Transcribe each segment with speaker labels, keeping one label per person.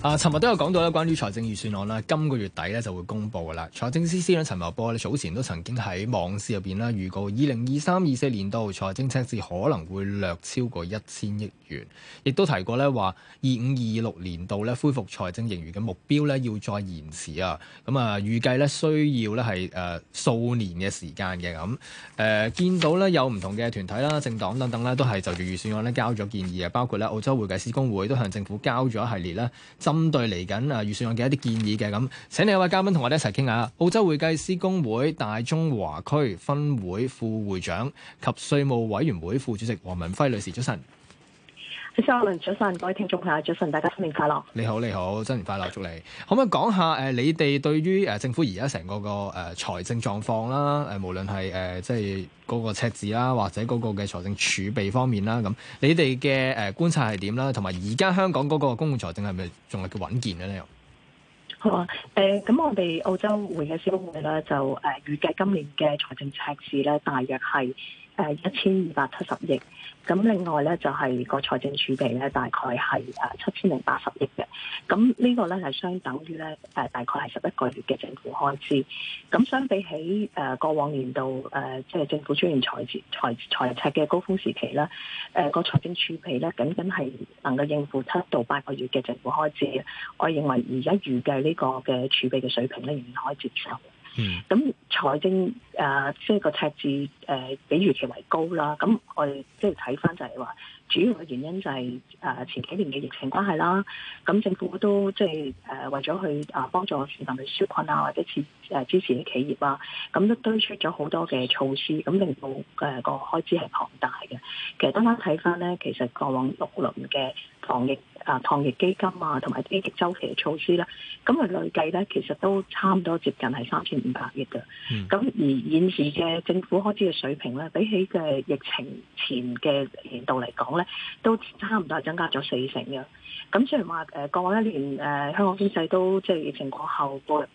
Speaker 1: 啊，尋日都有講到咧，關於財政預算案啦，今個月底咧就會公布噶啦。財政司司長陳茂波咧，早前都曾經喺網誌入邊咧預告，二零二三、二四年度財政赤字可能會略超過一千億。亦都提過咧，話二五二六年度咧恢復財政盈餘嘅目標咧，要再延遲啊。咁啊，預計咧需要咧係誒數年嘅時間嘅咁誒。見到咧有唔同嘅團體啦、政黨等等咧，都係就住預算案咧交咗建議啊。包括咧澳洲會計師公會都向政府交咗一系列咧，針對嚟緊誒預算案嘅一啲建議嘅咁。請你一位嘉賓同我哋一齊傾下澳洲會計師公會大中華區分會副會長及稅務委員會副主席王文暉女士，早晨。
Speaker 2: 早晨，各位聽眾朋友，早晨，大家
Speaker 1: 新年快樂！你好，你好，新年快樂，祝你可唔可以講下誒、呃，你哋對於誒政府而家成個個誒、呃、財政狀況啦，誒、呃，無論係誒、呃、即係嗰個赤字啦，或者嗰個嘅財政儲備方面啦，咁你哋嘅誒觀察係點啦？同埋而家香港嗰個公共財政係咪仲係叫穩健咧？又好啊！誒、呃，咁我
Speaker 2: 哋澳洲會計師公會咧就誒預計今年嘅財政赤字咧大約係。誒一千二百七十億，咁另外咧就係個財政儲備咧，大概係誒七千零八十億嘅，咁呢個咧係相等於咧誒大概係十一個月嘅政府開支，咁相比起誒過往年度誒即係政府出現財政財財赤嘅高峰時期咧，誒個財政儲備咧僅僅係能夠應付七到八個月嘅政府開支，我認為而家預計呢個嘅儲備嘅水平咧仍然可以接受。咁、嗯、財政誒即係個赤字誒、呃、比預期為高啦。咁我哋即係睇翻就係話，主要嘅原因就係、是、誒、呃、前幾年嘅疫情關係啦。咁政府都即係誒為咗去啊幫助市民去紓困啊，或者支誒支持啲企業啊，咁都推出咗好多嘅措施，咁令到誒、呃、個開支係龐大嘅。其實單單睇翻咧，其實過往六輪嘅防疫。啊，抗疫基金啊，同埋經濟周期嘅措施啦，咁啊累計咧，其實都差唔多接近係三千五百億嘅。咁、嗯、而現時嘅政府開支嘅水平咧，比起嘅疫情前嘅年度嚟講咧，都差唔多係增加咗四成嘅。咁雖然話誒，過去一年誒香港經濟都即係疫情過後步入誒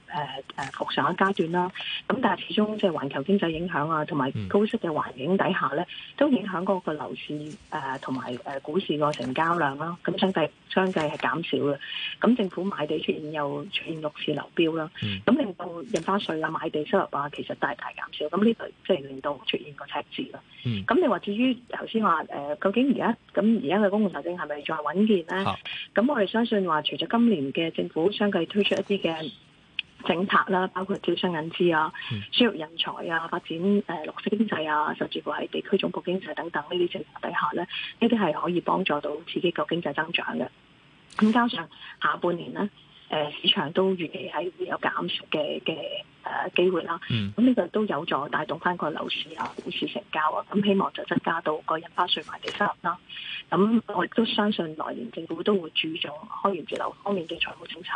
Speaker 2: 誒復常嘅階段啦。咁但係始終即係環球經濟影響啊，同埋高息嘅環境底下咧，都影響嗰個樓市誒同埋誒股市個成交量啦。咁相繼相繼係減少嘅。咁政府買地出現又出現六次流標啦。咁令到印花稅啊、買地收入啊，其實大大減少。咁呢度即係令到出現個赤字咯。咁你話至於頭先話誒，究竟而家咁而家嘅公共財政係咪再穩健咧？ 咁我哋相信話，除咗今年嘅政府相繼推出一啲嘅政策啦，包括招商引資啊、輸入人才啊、發展誒、呃、綠色經濟啊，甚至乎喺地區總部經濟等等呢啲政策底下咧，呢啲係可以幫助到刺激個經濟增長嘅。咁加上下半年咧，誒、呃、市場都預期係會有減嘅嘅。誒機會啦，咁呢個都有助帶動翻個樓市啊、股市成交啊，咁、嗯、希望就增加到個印花稅埋地收入啦、啊。咁、嗯、我亦都相信來年政府都會注重開源節流方面嘅財務政策，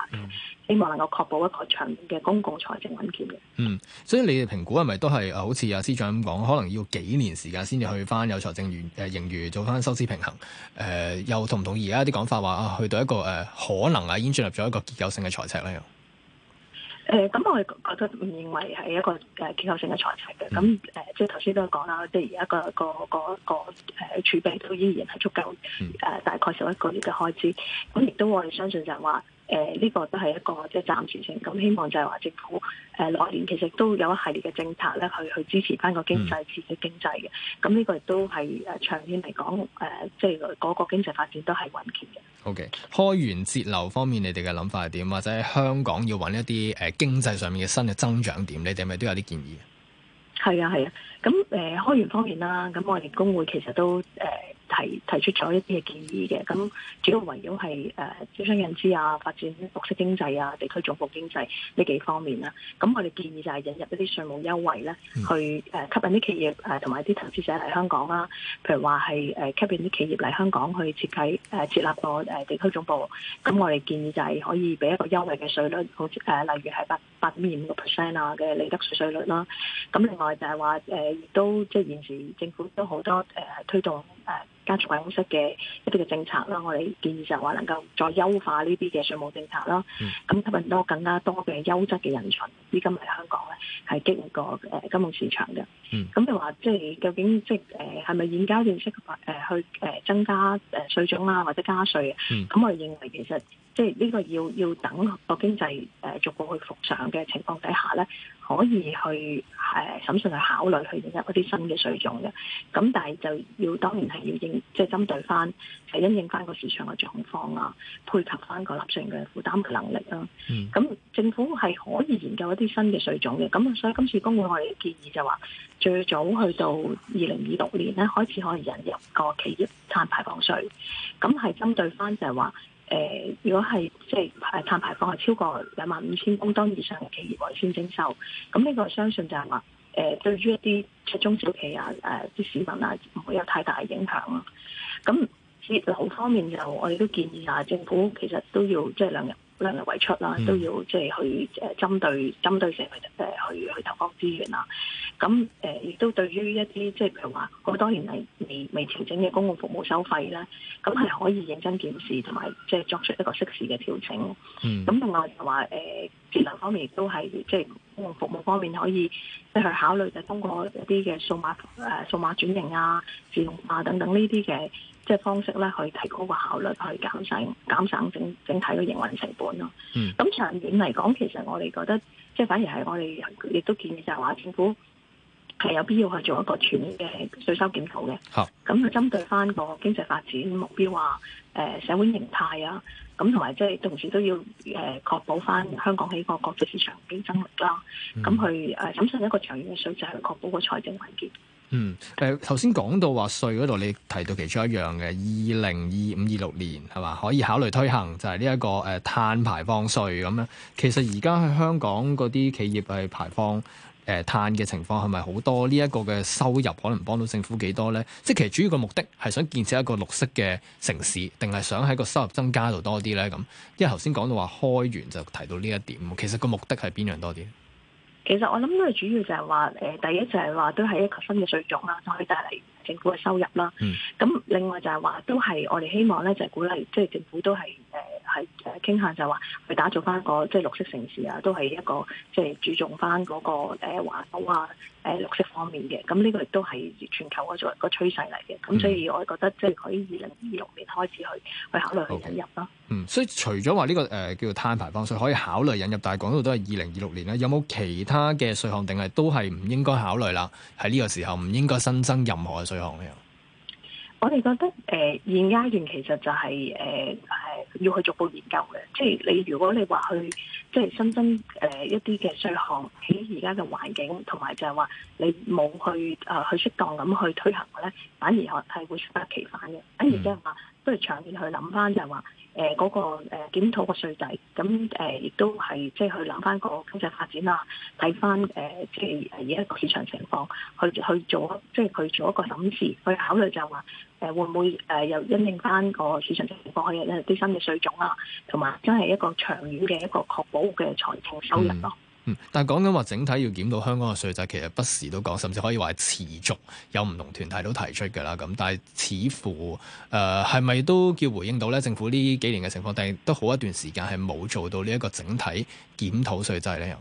Speaker 2: 希望能夠確保一個長遠嘅公共財政穩健嘅。嗯，
Speaker 1: 所以你哋評估係咪都係好似阿司長咁講，可能要幾年時間先至去翻有財政餘誒盈餘，做翻收支平衡。誒、呃、又同唔同意而家啲講法話啊，去到一個誒、啊、可能啊已經進入咗一個結構性嘅財赤咧？
Speaker 2: 誒咁我係覺得唔認為係一個誒結構性嘅財政嘅，咁誒即係頭先都講啦，即係而家個個個個誒儲備都依然係足夠誒大概十一個月嘅開支，咁、嗯、亦都我哋相信就係話。誒，呢、呃，這個都係一個即係暫時性，咁希望就係話政府誒，來、呃、年其實都有一系列嘅政策咧，去去支持翻個經濟，刺激經濟嘅。咁呢個亦都係誒，長遠嚟講，誒、呃，即係嗰個經濟發展都係穩健嘅。
Speaker 1: O、okay, K. 開源節流方面，你哋嘅諗法係點？或者香港要揾一啲誒、呃、經濟上面嘅新嘅增長點，你哋係咪都有啲建議？
Speaker 2: 係啊係啊，咁誒、嗯呃、開源方面啦，咁我哋公會其實都誒。呃係提出咗一啲嘅建議嘅，咁主要圍繞係誒招商引資啊、發展綠色經濟啊、地區總部經濟呢幾方面啦。咁我哋建議就係引入一啲稅務優惠咧，去誒吸引啲企業誒同埋啲投資者嚟香港啦。譬如話係誒吸引啲企業嚟香港去設計誒設立個誒地區總部。咁我哋建議就係可以俾一個優惠嘅稅率，好似誒例如係八八點二五個 percent 啊嘅利得稅稅率啦。咁另外就係話誒亦都即係現時政府都好多誒、呃、推動。誒家族辦公室嘅一啲嘅政策啦，我哋建議就話能夠再優化呢啲嘅稅務政策啦，咁吸引多更加多嘅優質嘅人才資金嚟香港咧，係激活誒金融市場嘅。咁你話即係究竟即係誒係咪現交現息誒去誒增加誒稅種啦，或者加稅啊？咁、嗯、我認為其實。即係呢個要要等個經濟誒、呃、逐步去復常嘅情況底下咧，可以去誒、呃、審慎去考慮去引入一啲新嘅稅種嘅。咁但係就要當然係要應即係針對翻係因應翻個市場嘅狀況啊，配合翻個納稅人嘅負擔嘅能力啦、啊。咁、嗯、政府係可以研究一啲新嘅稅種嘅。咁所以今次公會我哋建議就話，最早去到二零二六年咧開始可以引入個企業碳排放稅。咁係針對翻就係話。誒、呃，如果係即係碳排，排放係超過兩萬五千公噸以上嘅企業，外先徵收，咁呢個相信就係話誒，對於一啲中小企、啊、誒、呃、啲市民啊，唔會有太大嘅影響咯。咁節流方面又，我哋都建議啊，政府其實都要即係量入量入為出啦，都要即係去誒針對針對社會誒去去投放資源啦。咁誒，亦、嗯、都對於一啲即係譬如話好多年嚟未未調整嘅公共服務收費啦，咁係可以認真檢視同埋即係作出一個適時嘅調整。嗯。咁另外話誒，節、呃、能方面亦都係即係公共服務方面可以即係去考慮就係通過一啲嘅數碼誒數碼轉型啊、自動化等等呢啲嘅即係方式咧，去提高個效率，去減省減省整整體嘅營運成本咯。嗯。咁長遠嚟講，其實我哋覺得即係反而係我哋亦都建議就係話政府，係有必要去做一個全面嘅稅收檢討嘅。好咁、啊，佢針對翻個經濟發展目標啊，誒、呃、社會形態啊，咁同埋即係同時都要誒確保翻香港喺個國際市場競爭力啦。咁、嗯、去誒審慎一個長遠嘅稅制去確保個財政穩健。
Speaker 1: 嗯，誒頭先講到話稅嗰度，你提到其中一樣嘅二零二五二六年係嘛，可以考慮推行就係呢一個誒碳、呃、排放稅咁樣。其實而家喺香港嗰啲企業係排放。誒碳嘅情況係咪好多？呢一個嘅收入可能幫到政府幾多呢？即係其實主要嘅目的係想建設一個綠色嘅城市，定係想喺個收入增加度多啲呢？咁因為頭先講到話開源就提到呢一點，其實個目的係邊樣多啲？其實我諗都
Speaker 2: 係主要就係話誒，第一就係話都係一個新嘅稅種啦，就可以帶嚟。政府嘅收入啦，咁、嗯、另外就係話都係我哋希望咧，就係鼓勵即係政府都係誒係誒傾向就，就係話去打造翻個即係綠色城市啊，都係一個即係、就是、注重翻嗰、那個誒環保啊誒綠色方面嘅。咁呢個亦都係全球嘅一個趨勢嚟嘅。咁、嗯、所以我覺得即係可以二零二六年開始去去考慮去引
Speaker 1: 入咯。嗯，所以除咗話呢個誒、呃、叫做碳排放稅可以考慮引入，但係講到都係二零二六年咧，有冇其他嘅稅項定係都係唔應該考慮啦？喺呢個時候唔應該新增任何嘅稅。
Speaker 2: 我哋覺得誒、呃，現階段其實就係、是、誒，係、呃、要去逐步研究嘅。即係你如果你話去，即係新增誒一啲嘅稅項喺而家嘅環境，同埋就係話你冇去誒、呃、去適當咁去推行咧，反而係會適得其反嘅。反而即係話不如長遠去諗翻，就係話。誒嗰個誒檢討個稅制，咁誒亦都係即係去諗翻個經濟發展啦，睇翻誒即係而家個市場情況，去去做即係去做一個審視，去考慮就係話誒會唔會誒又因應翻個市場情況去有啲新嘅稅種啊，同埋真係一個長遠嘅一個確保嘅財政收入咯。
Speaker 1: 嗯，但係講緊話整體要檢討香港嘅稅制，其實不時都講，甚至可以話係持續有唔同團體都提出嘅啦。咁，但係似乎誒係咪都叫回應到呢政府呢幾年嘅情況，定都好一段時間係冇做到呢一個整體檢討稅制呢？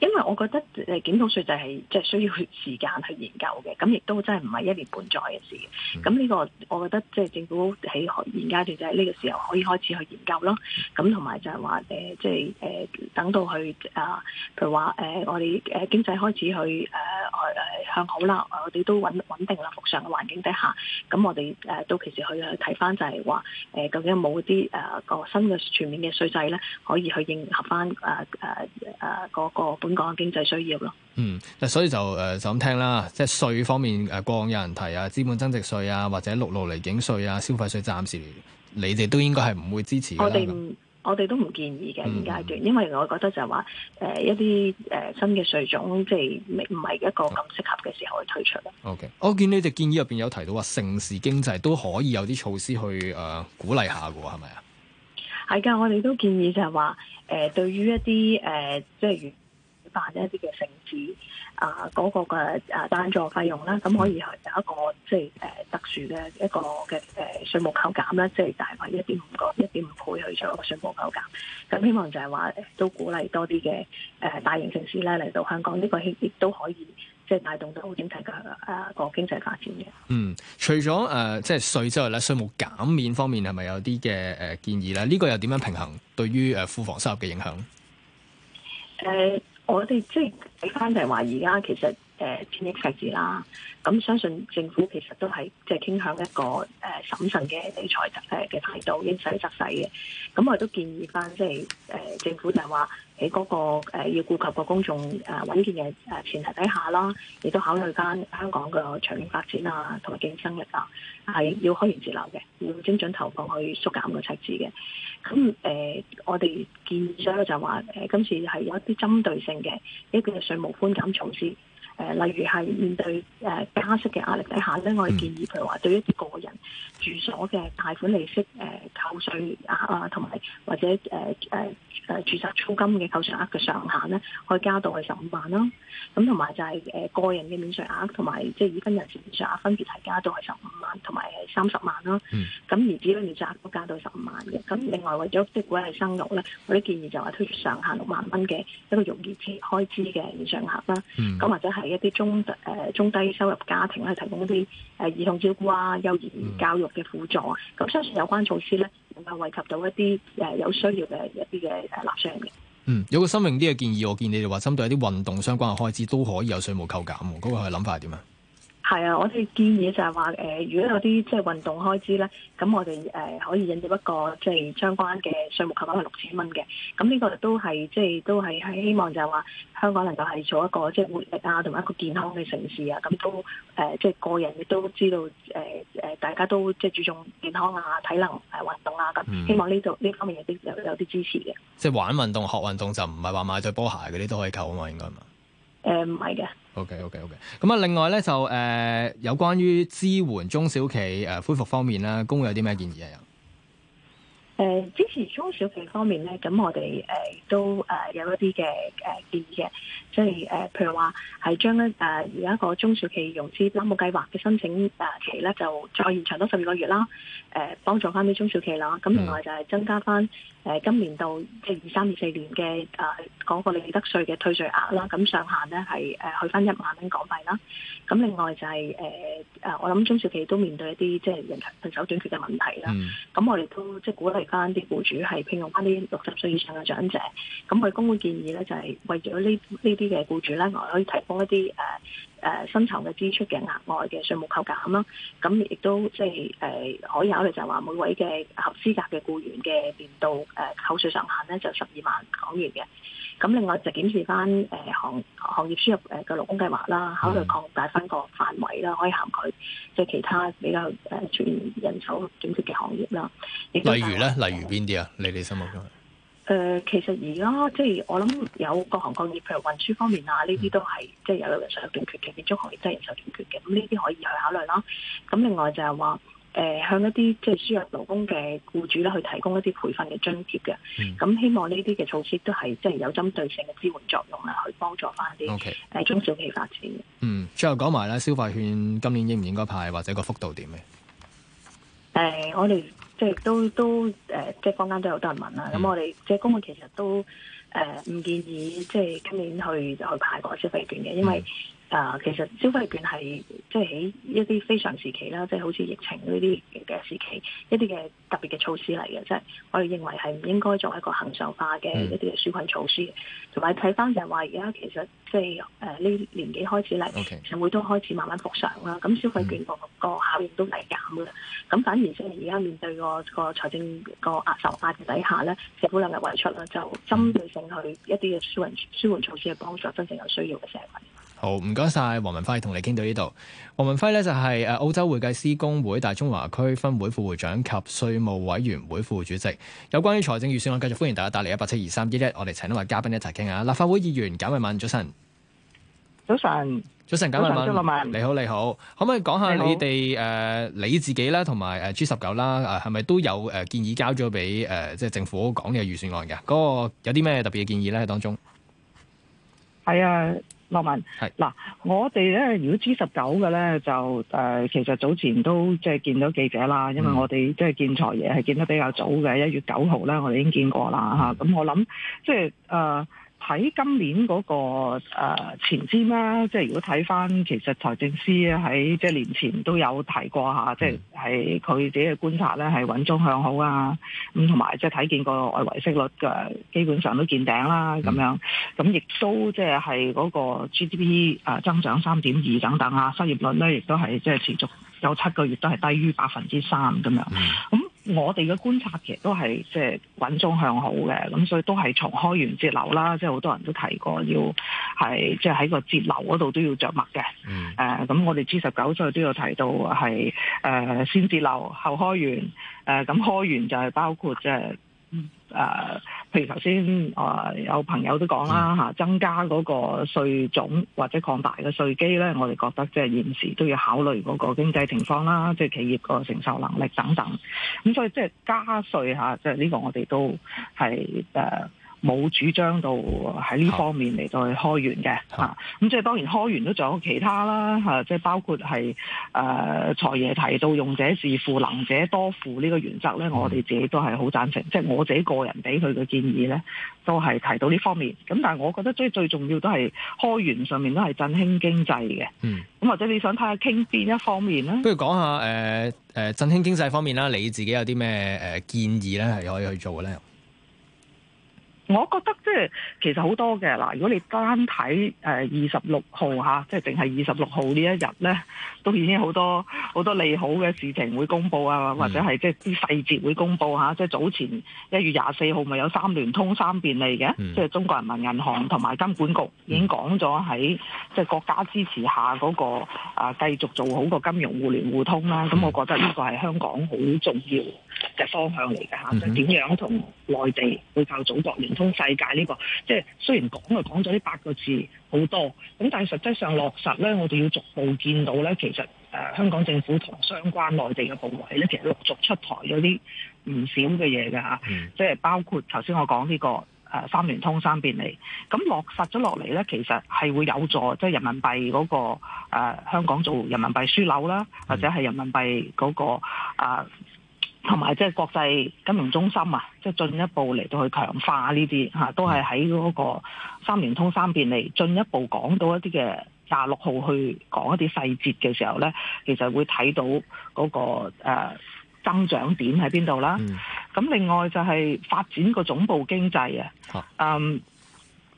Speaker 2: 因為我覺得誒檢討稅制係即係需要時間去研究嘅，咁亦都真係唔係一年半載嘅事。咁呢個我覺得即係政府喺現階段就係呢個時候可以開始去研究咯。咁同埋就係話誒，即係誒等到佢，啊，譬如話誒，我哋誒經濟開始去誒誒、啊啊啊、向好啦，我哋都穩穩定啦，復常嘅環境底下，咁我哋誒到其時去去睇翻就係話誒究竟有冇啲誒個新嘅全面嘅稅制咧，可以去應合翻誒誒誒嗰個。個講經濟需
Speaker 1: 要咯。嗯，嗱，所以就誒、呃，就咁聽啦。即係稅方面誒，過、呃、往有人提啊，資本增值稅啊，或者陸路離境稅啊，消費稅暫時你哋都應該係唔會支持。我哋們這樣
Speaker 2: 我哋都唔建議嘅現階段，嗯、因為我覺得就係話誒一啲誒新嘅稅種，即係唔係一個咁適合嘅時候去推出咯。
Speaker 1: 嗯、o、okay. K，我見你哋建議入邊有提到話，城市經濟都可以有啲措施去誒、呃、鼓勵下噶喎，係咪啊？
Speaker 2: 係噶，我哋都建議就係話誒，對於一啲誒、呃、即係。呃即辦一啲嘅城市啊，嗰個嘅誒贊助費用啦，咁可以係有一個即係誒特殊嘅一個嘅誒稅務扣減啦，即係大約一點五個一點五倍去做一個稅務扣減。咁希望就係話都鼓勵多啲嘅誒大型城市咧嚟到香港，呢個亦都可以即係帶動到整體嘅啊個經濟發展嘅。嗯，
Speaker 1: 除咗誒即係稅之外咧，稅務減免方面係咪有啲嘅誒建議咧？呢個又點樣平衡對於誒庫房收入嘅影響？誒、
Speaker 2: 呃。我哋即係睇翻就係、是、話，而家其實誒、呃、千億赤字啦，咁、嗯、相信政府其實都係即係傾向一個誒審慎嘅理財誒嘅態度，應使則使嘅。咁、嗯、我都建議翻即係誒政府就係話，喺嗰、那個、呃、要顧及個公眾誒、呃、穩健嘅誒、呃、前提底下啦，亦都考慮翻香港嘅長遠發展啊，同埋競爭力啊，係要開源節流嘅，要精準投放去縮減個赤字嘅。咁誒、呃，我哋建議所有就係話誒，今次係有一啲針對性嘅一個稅務寬減措施。誒、呃，例如係面對誒、呃、加息嘅壓力底下咧，我哋建議譬如話對一啲個人住所嘅貸款利息誒扣稅額啊，同、呃、埋、呃呃呃、或者誒誒。呃呃呃呃呃呃呃呃誒住宅租金嘅扣稅額嘅上限咧，可以加到去十五萬啦。咁同埋就係誒個人嘅免稅額，同埋即係已婚人士免稅額分別係加到係十五萬同埋三十萬啦。咁而子女嘅免稅額都加到十五萬嘅。咁另外為咗即係鼓勵生育咧，我啲建議就係推出上限六萬蚊嘅一個容易支開支嘅免稅額啦。咁或者係一啲中誒中低收入家庭咧，提供一啲誒兒童照顧啊、幼兒教育嘅輔助啊。咁相信有關措施咧，能夠惠及到一啲誒有需要嘅一啲嘅。係
Speaker 1: 立稅嘅，嗯，有個新穎啲嘅建議，我見你哋話針對一啲運動相關嘅開支都可以有稅務扣減，嗰個係諗法係點啊？
Speaker 2: 係啊，我哋建議就係話，誒，如果有啲即係運動開支咧，咁我哋誒可以引入一個即係相關嘅稅務扣減係六千蚊嘅，咁呢個都係即係都係希望就係話香港能夠係做一個即係活力啊，同埋一個健康嘅城市啊，咁都誒即係個人亦都知道誒。呃大家
Speaker 1: 都即係注重健康啊、體能、誒、啊、運動啊咁，希望呢度呢方面有啲有有啲支持嘅。即係玩運動、學運動就
Speaker 2: 唔係話買對
Speaker 1: 波鞋嗰啲都可以扣啊嘛，應該係嘛？誒唔係嘅。O K O K O K。咁啊、okay, okay, okay.，另外咧就誒、呃、有關於支援中小企誒、呃、恢復方面啦，工會有啲咩建議啊？嗯
Speaker 2: 誒支持中小企方面咧，咁我哋誒都誒有一啲嘅誒建議，即係誒譬如話係將一誒而家個中小企融資擔保計劃嘅申請誒期咧，就再延長多十二個月啦。誒幫助翻啲中小企啦，咁另外就係增加翻誒今年度即係二三二四年嘅誒嗰個利得稅嘅退稅額啦。咁上限咧係誒去翻一萬蚊港幣啦。咁另外就係誒啊，我諗中小企都面對一啲即係人才、人手短缺嘅問題啦。咁我哋都即係鼓勵翻啲僱主係聘用翻啲六十歲以上嘅長者，咁佢公會建議咧就係為咗呢呢啲嘅僱主咧，我可以提供一啲誒誒薪酬嘅支出嘅額外嘅稅務扣減啦，咁亦都即係誒可以考慮就係話每位嘅合資格嘅僱員嘅年度誒扣稅上限咧就十二萬港元嘅。咁另外就檢視翻誒行行業輸入誒嘅勞工計劃啦，考慮擴大翻個範圍啦，可以涵蓋即係其他比較誒出現人手短缺嘅行業啦、就是。例如咧，
Speaker 1: 例如邊啲啊？你哋心目中
Speaker 2: 誒、呃、其實而家即係我諗有各行各業，譬如運輸方面啊，呢啲都係即係有人手短缺嘅，建築行業都係人手短缺嘅，咁呢啲可以去考慮啦。咁另外就係、是、話。誒、呃，向一啲即係輸入勞工嘅僱主咧，去提供一啲培訓嘅津貼嘅。咁、嗯、希望呢啲嘅措施都係即係有針對性嘅支援作用啊，去幫助翻啲誒中小企發
Speaker 1: 展。嗯，最後講埋咧，消費券今年應唔應該派，或者個幅度點嘅？
Speaker 2: 誒、呃，我哋即係都都誒，即係、呃、坊間都有多人問啦。咁、嗯、我哋即係公會其實都誒唔、呃、建議，即係今年去去派個消費券嘅，因為、嗯。啊，uh, 其實消費券係即係喺一啲非常時期啦，即係好似疫情呢啲嘅時期，一啲嘅特別嘅措施嚟嘅，即係我哋認為係唔應該作為一個恆常化嘅一啲嘅紓困措施。同埋睇返就係話，而家其實即係誒呢年幾開始嚟，Okay. 社會都開始慢慢復常啦，咁消費券個個、mm. 效應都遞減啦。咁反而即係而家面對個財個財政個壓受化嘅底下咧，政府量入為出啦，就針對性去一啲嘅紓緩紓緩措施嘅幫助真正有需要嘅社會。
Speaker 1: 好，唔該晒王文暉，同你傾到呢度。王文暉咧就係誒澳洲會計師公會大中華區分會副會長及稅務委員會副主席。有關於財政預算案，繼續歡迎大家打嚟一八七二三一一，我哋請到位嘉賓一齊傾下立法會議員簡慧敏，文早晨，早晨，早晨，簡慧敏，你好，你好，可唔可以講下你哋好誒你自己啦，同埋誒 G 十九啦，係咪都有誒建議交咗俾誒即係政府講呢個預算案嘅？嗰、那個有啲咩特別嘅建議咧？當中
Speaker 3: 係啊。羅文，係嗱 Norman, 是，我哋咧如果知十九嘅咧，就誒、呃、其實早前都即係見到記者啦，因為我哋即係見財爺係見得比較早嘅，一月九號咧，我哋已經見過啦嚇。咁、嗯啊、我諗即係誒。呃喺今年嗰個前瞻啦，即係如果睇返，其實財政司喺即係年前都有提過下，嗯、即係係佢自己嘅觀察咧，係穩中向好啊。咁同埋即係睇見個外圍息率嘅基本上都見頂啦，咁樣咁亦都即係係嗰個 GDP 誒增長三點二等等啊，失業率咧亦都係即係持續有七個月都係低於百分之三咁樣。嗯嗯我哋嘅觀察其實都係即係穩中向好嘅，咁所以都係從開源節流啦，即係好多人都提過要係即係喺個節流嗰度都要着墨嘅。誒、嗯，咁、呃、我哋 G 十九再都有提到係誒先節流後開源，誒、呃、咁開源就係包括即係。誒，譬、呃、如頭先誒有朋友都講啦嚇，增加嗰個稅種或者擴大嘅稅基咧，我哋覺得即係現時都要考慮嗰個經濟情況啦，即、啊、係、即係、企業個承受能力等等。咁所以即係加稅嚇，即係呢個我哋都係誒。Uh, 冇主張到喺呢方面嚟到去開源嘅嚇，咁、啊啊、即係當然開源都仲有其他啦嚇、啊，即係包括係誒財爺提到用者自付，能者多付」呢個原則咧，我哋自己都係好贊成，即係、嗯、我自己個人俾佢嘅建議咧，都係提到呢方面。咁但係我覺得最最重要都係開源上面都係振興經濟嘅。嗯，咁或者你想睇下傾邊一方面咧？
Speaker 1: 不如講下誒誒振興經濟方面啦，你自己有啲咩誒建議咧，係可以去做嘅咧？
Speaker 3: 我覺得即係其實好多嘅嗱，如果你單睇誒二十六號嚇，即係淨係二十六號呢一日咧。都已經好多好多利好嘅事情會公布啊，或者係即係啲細節會公布吓、啊。即係早前一月廿四號咪有三聯通三便利嘅，即係、嗯、中國人民銀行同埋金管局已經講咗喺即係國家支持下嗰、那個啊，繼續做好個金融互聯互通啦。咁、嗯、我覺得呢個係香港好重要嘅方向嚟嘅吓，嗯、就點樣同內地會靠祖國聯通世界呢、這個？即、就、係、是、雖然講就講咗呢八個字。好多，咁但係實際上落實咧，我哋要逐步見到咧，其實誒、呃、香港政府同相關內地嘅部委咧，其實陸續出台咗啲唔少嘅嘢㗎吓，即係、嗯、包括頭先我講呢、這個誒、呃、三聯通三便利，咁落實咗落嚟咧，其實係會有助即係、就是、人民幣嗰、那個、呃、香港做人民幣樞紐啦，或者係人民幣嗰、那個啊。呃嗯呃同埋即係國際金融中心啊，即、就、係、是、進一步嚟到去強化呢啲嚇，都係喺嗰個三聯通三便利，進一步講到一啲嘅廿六號去講一啲細節嘅時候咧，其實會睇到嗰、那個、呃、增長點喺邊度啦。咁、嗯、另外就係發展個總部經濟、嗯、啊。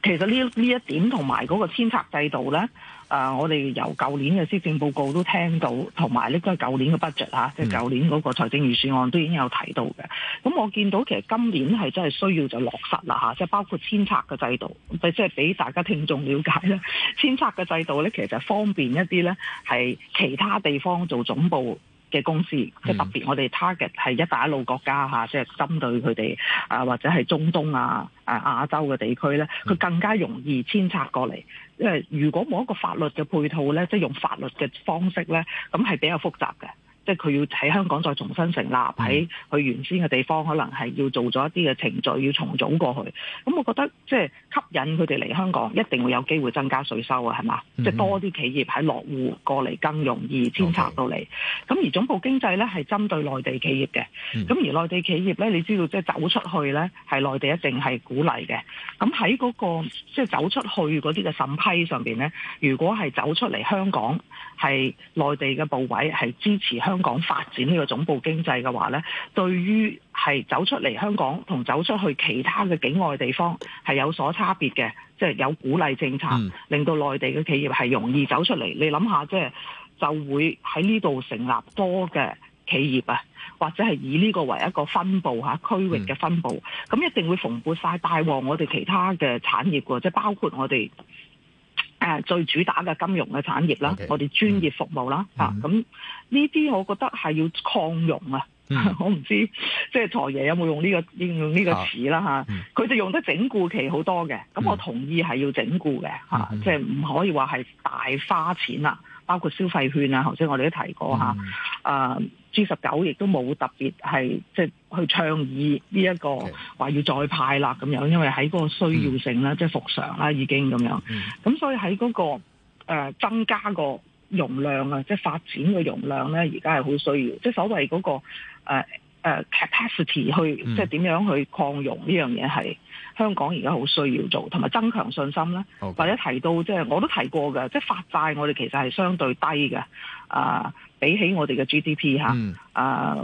Speaker 3: 其實呢呢一點同埋嗰個遷冊制度呢，啊、呃，我哋由舊年嘅施政報告都聽到，同埋呢個舊年嘅 budget 嚇、啊，即係舊年嗰個財政預算案都已經有提到嘅。咁我見到其實今年係真係需要就落實啦嚇，即、啊、係、就是、包括遷冊嘅制度，即係俾大家聽眾了解咧，遷冊嘅制度呢，其實方便一啲呢，係其他地方做總部，嘅公司，即係特別，我哋 target 係一帶一路國家嚇，即係針對佢哋啊，或者係中東啊、誒、啊、亞洲嘅地區咧，佢更加容易遷冊過嚟。因為如果冇一個法律嘅配套咧，即係用法律嘅方式咧，咁係比較複雜嘅。即係佢要喺香港再重新成立喺佢原先嘅地方，可能係要做咗一啲嘅程序，要重組過去。咁我覺得即係吸引佢哋嚟香港，一定會有機會增加稅收啊，係嘛？嗯嗯，即係多啲企業喺落戶過嚟，更容易遷冊到嚟。咁 Okay. 而總部經濟咧係針對內地企業嘅，咁、嗯嗯、而內地企業咧，你知道即係走出去咧係內地一定係鼓勵嘅。咁喺嗰個即係走出去嗰啲嘅審批上邊咧，如果係走出嚟香港係內地嘅部委係支持香。香港發展呢個總部經濟嘅話呢，對於係走出嚟香港同走出去其他嘅境外地方係有所差別嘅，即係有鼓勵政策，令到內地嘅企業係容易走出嚟。你諗下，即係就會喺呢度成立多嘅企業啊，或者係以呢個為一個分佈吓區域嘅分佈，咁、嗯、一定會蓬勃晒，帶旺我哋其他嘅產業嘅，即係包括我哋。誒最主打嘅金融嘅產業啦，Okay. 我哋專業服務啦，嚇，咁呢啲我覺得係要擴容 有有、這個、啊，我唔知即係財爺有冇用呢個應用呢個詞啦嚇，佢、hmm. 就用得整固期好多嘅，咁我同意係要整固嘅嚇，啊 mm hmm. 即係唔可以話係大花錢啦。包括消費券啊，頭先我哋都提過嚇，啊、嗯呃、G 十九亦都冇特別係即係去倡議呢、這、一個話的要再派啦咁樣，因為喺嗰個需要性啦，即係復常啦已經咁樣。咁所以喺嗰個誒增加個容量啊，即係發展嘅容量咧，而家係好需要，即係所謂嗰、那個誒、呃呃、capacity 去即係點樣去擴容呢、嗯、樣嘢係。香港而家好需要做，同埋增強信心啦。Okay. 或者提到即係我都提過嘅，即係發債我哋其實係相對低嘅，啊、呃，比起我哋嘅 GDP 吓。啊，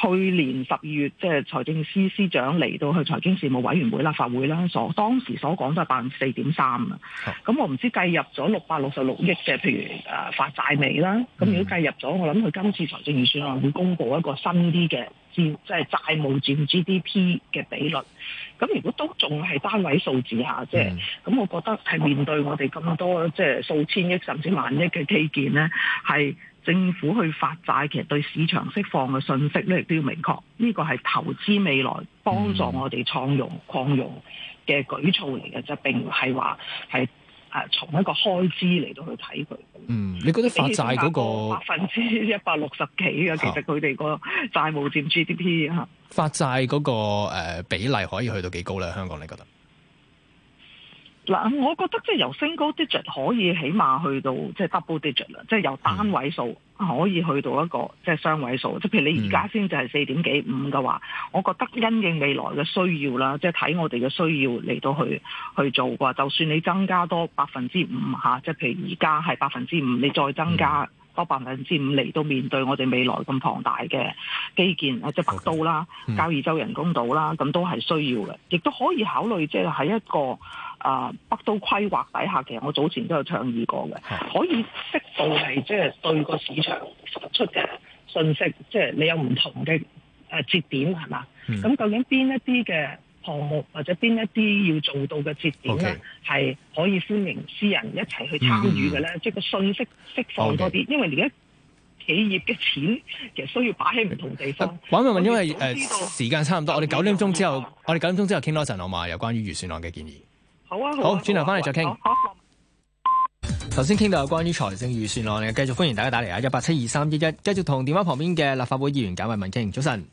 Speaker 3: 去年十二月即係財政司司長嚟到去財經事務委員會立法會啦，所當時所講都係百分之四點三啊，咁、oh. 我唔知計入咗六百六十六億嘅譬如誒發、呃、債未啦，咁、mm. 如果計入咗，我諗佢今次財政預算案會公布一個新啲嘅。即係債務佔 GDP 嘅比率，咁如果都仲係單位數字下，即係咁，我覺得係面對我哋咁多，即係數千億甚至萬億嘅基建呢，係政府去發債，其實對市場釋放嘅信息呢亦都要明確。呢個係投資未來幫助我哋創融擴融嘅舉措嚟嘅啫，並唔係話係。係從一個開支嚟到去睇佢。
Speaker 1: 嗯，你覺得發債嗰、那個百
Speaker 3: 分之一百六十幾啊？其實佢哋個債務佔 GDP 嚇、
Speaker 1: 哦。發債嗰、那個、呃、比例可以去到幾高咧？香港，你覺得？
Speaker 3: 嗱，我覺得即係由 single digit 可以起碼去到即係 double digit 啦，即、mm. 係由單位數可以去到一個即係雙位數。即係、mm. 譬如你而家先至係四點幾五嘅話，mm. 我覺得因應未來嘅需要啦，即係睇我哋嘅需要嚟到去去做啩。就算你增加多百分之五嚇，即係譬如而家係百分之五，你再增加多百分之五嚟到面對我哋未來咁龐大嘅基建啊，mm. 即係北都啦、Okay . mm. 交椅洲人工島啦，咁都係需要嘅，亦都可以考慮即係喺一個。啊！北都規劃底下，其實我早前都有倡議過嘅，可以適度係，即係對個市場發出嘅信息，即係你有唔同嘅誒節點係嘛？咁究竟邊一啲嘅項目或者邊一啲要做到嘅節點咧，係可以先明私人一齊去參與嘅咧？即係個信息釋放多啲，因為而家企業嘅錢其實需要擺喺唔同地
Speaker 1: 方。揾問問，因為誒時間差唔多，我哋九點鐘之後，我哋九點鐘之後傾多陣好嘛？有關於預算案嘅建議。好啊，好，轉頭翻嚟再傾。頭先傾到有關於財政預算案，繼續歡迎大家打嚟啊，一八七二三一一，繼續同電話旁邊嘅立法會議員簡慧敏傾，早晨。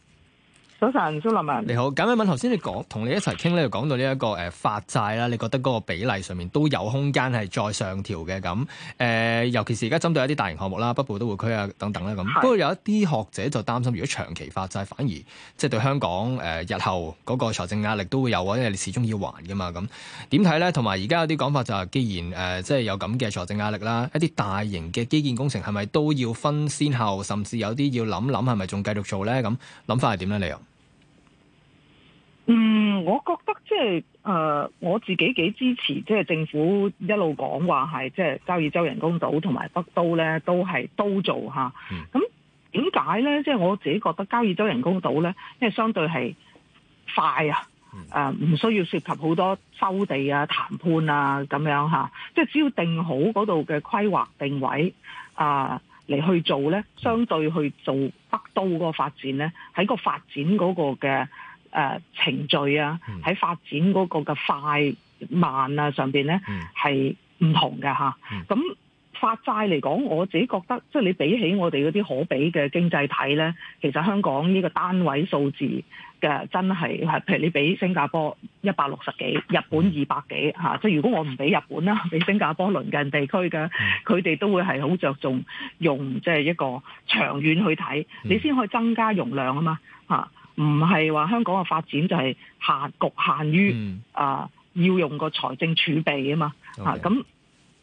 Speaker 1: 早晨，蘇林啊，你好。簡慧敏，頭先你講同你一齊傾咧，就講到呢、這、一個誒發債啦。你覺得嗰個比例上面都有空間係再上調嘅咁。誒、呃，尤其是而家針對一啲大型項目啦，北部都會區啊等等咧咁。的不過有一啲學者就擔心，如果長期發債，反而即係對香港誒、呃、日後嗰個財政壓力都會有啊，因為你始終要還㗎嘛咁。點睇咧？同埋而家有啲講法就係、是，既然誒、呃、即係有咁嘅財政壓力啦，一啲大型嘅基建工程係咪都要分先後，甚至有啲要諗諗係咪仲繼續做咧？咁諗法係點咧？你又？
Speaker 3: 我覺得即係誒我自己幾支持，即係政府一路講話係即係交椅洲人工島同埋北都咧，都係都做嚇。咁點解咧？即係我自己覺得交椅洲人工島咧，因為相對係快啊，誒，嗯，啊唔需要涉及好多收地啊、談判啊咁樣嚇。即係只要定好嗰度嘅規劃定位啊，嚟去做咧，相對去做北都嗰發展咧，喺個發展嗰個嘅。誒、呃、程序啊，喺、嗯、發展嗰個嘅快慢啊上邊咧，係唔、嗯、同嘅嚇。咁發、嗯啊、債嚟講，我自己覺得，即係你比起我哋嗰啲可比嘅經濟體咧，其實香港呢個單位數字嘅真係係譬如你比新加坡一百六十幾，日本二百幾嚇。即係如果我唔比日本啦、啊，比新加坡鄰近地區嘅，佢哋、嗯、都會係好着重用即係一個長遠去睇，你先可以增加容量啊嘛嚇。啊唔係話香港嘅發展就係限局限於啊、嗯呃、要用個財政儲備嘛 Okay. 啊嘛啊咁，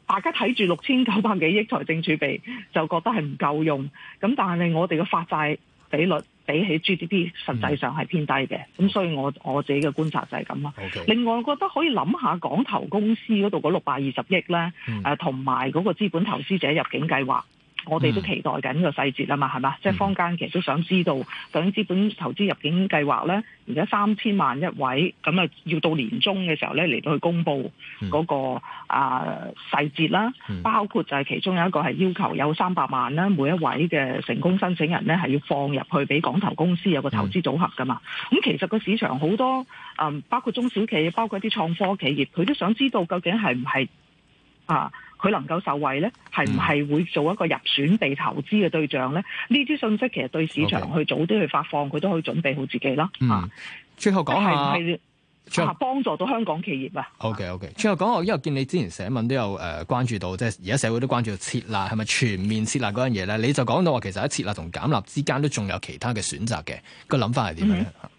Speaker 3: 大家睇住六千九百幾億財政儲備就覺得係唔夠用，咁但係我哋嘅發債比率比起 GDP 實際上係偏低嘅，咁、嗯、所以我我自己嘅觀察就係咁啦。Okay. 另外我覺得可以諗下港投公司嗰度嗰六百二十億咧，誒同埋嗰個資本投資者入境計劃。 我哋都期待緊個細節啊嘛，係嘛？ 即係坊間其實都想知道究竟資本投資入境計劃呢，而家三千萬一位，咁啊要到年終嘅時候呢，嚟到去公布嗰、那個啊、 呃、細節啦，包括就係其中有一個係要求有三百萬啦，每一位嘅成功申請人呢，係要放入去俾港投公司有個投資組合噶嘛。咁、 嗯、其實個市場好多、嗯、包括中小企業，包括一啲創科企業，佢都想知道究竟係唔係啊？佢能夠受惠咧，係唔係會做一個入選被投資嘅對象咧？呢啲信息其實對市場去早啲去發放，佢都可以準備好自己啦。嗯，
Speaker 1: 最後講下，
Speaker 3: 是是最後、啊、幫助到香港企業啊。
Speaker 1: OK OK，最後講我因為我見你之前寫文都有誒關注到，即係而家社會都關注到撤辣，係咪全面撤辣嗰樣嘢咧？你就講到話其實喺撤辣同減辣之間都仲有其他嘅選擇嘅、個諗法係點樣？嗯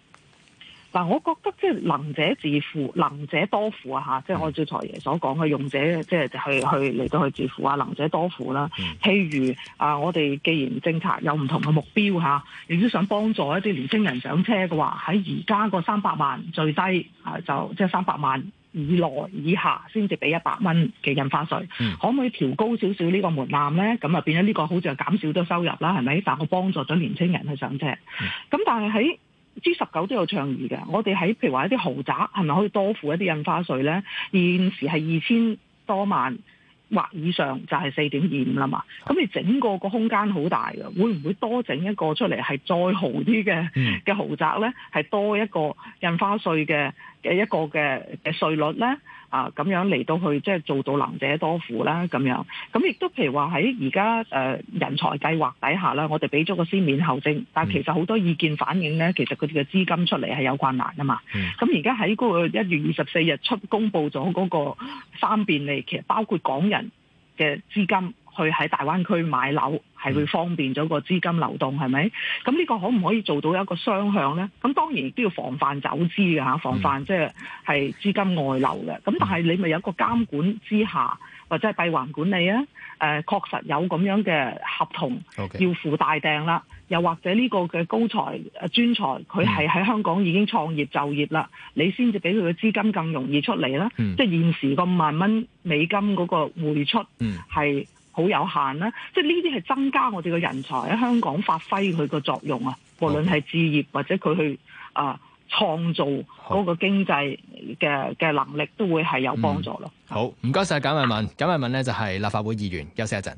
Speaker 3: 嗱，我覺得即係能者自付，能者多付啊！嚇、嗯，即係我照財爺所講嘅，用者即係去去嚟到去自付啊，能者多付啦。譬如啊，我哋既然政策有唔同嘅目標嚇，亦、啊、都想幫助一啲年青人上車嘅話，喺而家個三百萬最低、啊、就即係三百萬以內以下先至俾一百蚊嘅印花稅，嗯、可唔可以調高少少呢個門檻呢？咁啊變咗呢個好似係減少咗收入啦，係咪？但係我幫助咗年青人去上車。咁、嗯、但係喺 G 十九都有倡議嘅，我哋喺譬如話一啲豪宅係咪可以多付一啲印花稅咧？現時係二千多萬或以上就係四點二五啦嘛。咁你整個個空間好大嘅，會唔會多整一個出嚟係再豪啲嘅嘅豪宅咧？係多一個印花稅嘅嘅一個嘅嘅稅率咧？啊，咁樣嚟到去即係做到能者多付啦，咁樣，咁亦都譬如話喺而家誒人才計劃底下啦，我哋俾咗個先免後徵，但係其實好多意見反映咧，其實佢哋嘅資金出嚟係有困難㗎嘛。咁而家喺嗰個一月二十四日出公布咗嗰個三便利，其實包括港人嘅資金去喺大灣區買樓。係會方便咗個資金流動係咪？咁呢個可唔可以做到一個雙向呢？咁當然亦都要防範走資㗎，防範即係係資金外流嘅。咁、嗯、但係你咪有個監管之下，或者係閉環管理啊？誒、呃，確實有咁樣嘅合同要付大訂啦。Okay. 又或者呢個嘅高才誒專才，佢係喺香港已經創業就業啦，嗯、你先至俾佢嘅資金更容易出嚟啦。嗯、即係現時個五萬蚊美金嗰個匯出係、嗯。好有限啦，即係呢啲係增加我哋嘅人才喺香港發揮佢嘅作用啊，無論係置業或者佢去啊、呃、創造嗰個經濟嘅嘅能力，都會係有幫助咯。嗯、
Speaker 1: 是好，唔該晒簡慧敏，簡慧敏咧，就係立法會議員。休息一陣。